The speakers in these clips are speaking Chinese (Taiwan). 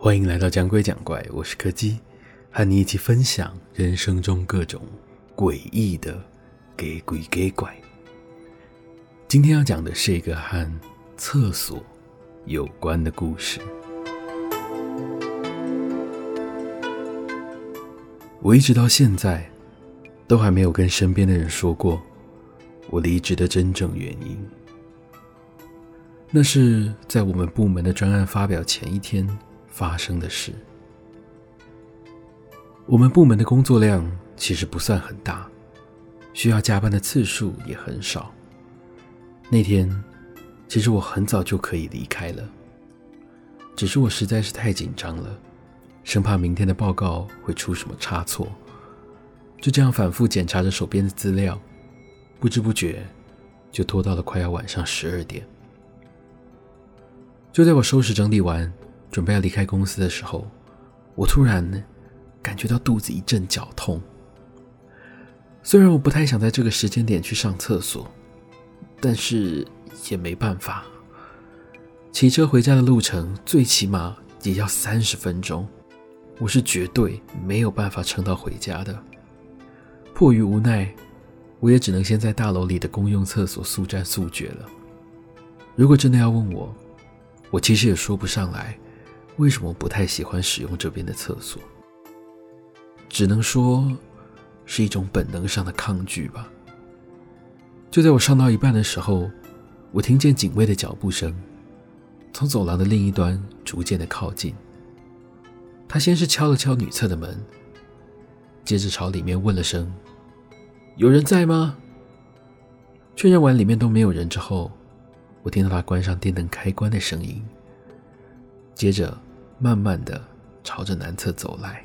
歡迎來到講鬼講怪，我是柯基，和你一起分享人生中各種詭異的鬼鬼怪怪。今天要講的是一個和廁所有關的故事。我一直到現在都還沒有跟身邊的人說過。我離職的真正原因，那是在我們部門的專案發表前一天發生的事。我們部門的工作量其實不算很大，需要加班的次數也很少。那天，其實我很早就可以離開了，只是我實在是太緊張了，生怕明天的報告會出什麼差錯，就這樣反覆檢查着手邊的資料。不知不覺，就拖到了快要晚上十二點。就在我收拾整理完，準備要離開公司的時候，我突然感覺到肚子一陣絞痛。雖然我不太想在這個時間點去上廁所，但是也沒辦法。騎車回家的路程最起碼也要三十分鐘，我是絕對沒有辦法撐到回家的。迫於無奈。我也只能先在大樓裡的公用廁所速戰速決了。如果真的要問我，我其實也說不上來為什麼不太喜歡使用這邊的廁所，只能說是一種本能上的抗拒吧。就在我上到一半的時候，我聽見警衛的腳步聲從走廊的另一端逐漸的靠近。他先是敲了敲女廁的門，接着朝裡面問了聲。有人在嗎？確認完裡面都沒有人之後，我聽到他關上電燈開關的聲音，接着慢慢的朝着南側走來，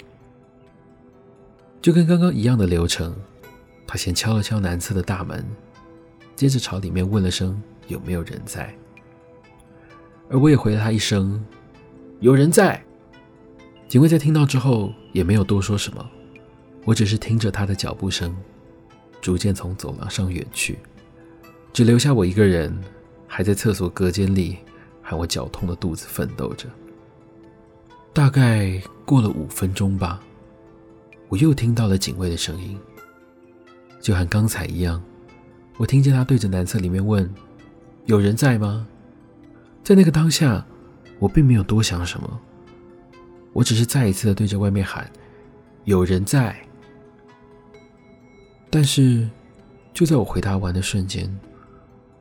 就跟剛剛一樣的流程，他先敲了敲南側的大門，接着朝裡面問了聲有沒有人在，而我也回了他一聲有人在。警衛在聽到之後也沒有多說什麼，我只是聽着他的腳步聲。逐漸從走廊上遠去，只留下我一個人，還在廁所隔間裡和我絞痛的肚子奮鬥着。大概過了五分鐘吧，我又聽到了警衛的聲音，就和剛才一樣，我聽見他對着男廁裡面問：“有人在嗎？”在那個當下，我並沒有多想什麼，我只是再一次的對着外面喊：“有人在。”但是，就在我回答完的瞬間，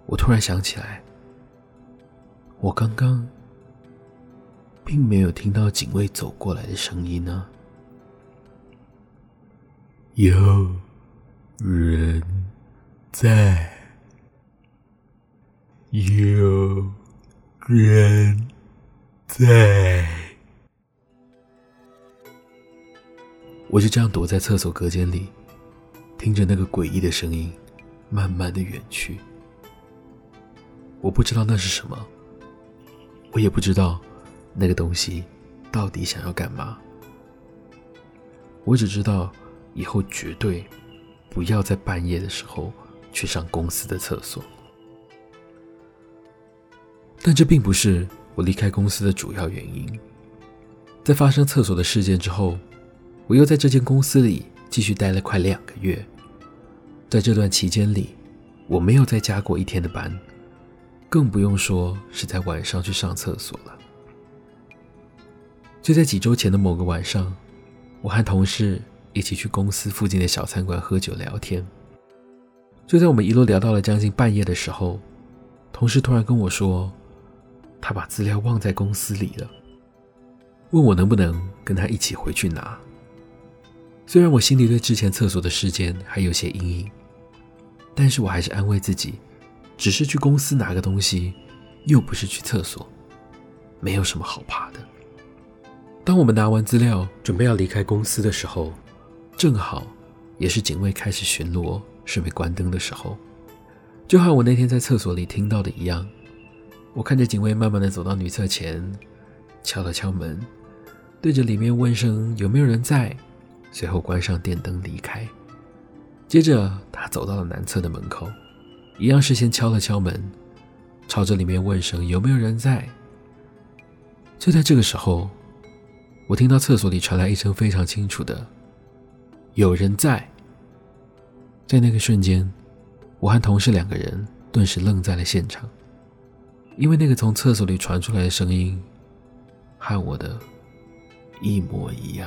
我突然想起來，我剛剛並沒有聽到警衛走過來的聲音呢、啊。有人在，有人在。我就這樣躲在廁所隔間裡。聽着那個詭異的聲音，慢慢的遠去。我不知道那是什麼，我也不知道那個東西到底想要幹嘛，我只知道以後絕對不要在半夜的時候去上公司的廁所。但這並不是我離開公司的主要原因。在發生廁所的事件之後，我又在這間公司裡繼續待了快兩個月。在這段期間裡，我沒有再加過一天的班，更不用說是在晚上去上廁所了。就在幾周前的某個晚上，我和同事一起去公司附近的小餐館喝酒聊天。就在我們一路聊到了將近半夜的時候，同事突然跟我說，他把資料忘在公司裡了，問我能不能跟他一起回去拿。雖然我心裡對之前廁所的事件還有些陰影。但是我還是安慰自己，只是去公司拿個東西，又不是去廁所，沒有什麼好怕的。當我們拿完資料，準備要離開公司的時候，正好也是警衛開始巡邏，順便關燈的時候，就和我那天在廁所裡聽到的一樣。我看着警衛慢慢的走到女廁前，敲了敲門，對着裡面問聲有沒有人在，隨後關上電燈離開。接着，他走到了男廁的門口，一樣事先敲了敲門，朝着裡面問聲有沒有人在。就在這個時候，我聽到廁所裡傳來一聲非常清楚的“有人在”。在那個瞬間，我和同事兩個人頓時愣在了現場，因為那個從廁所裡傳出來的聲音，和我的一模一樣。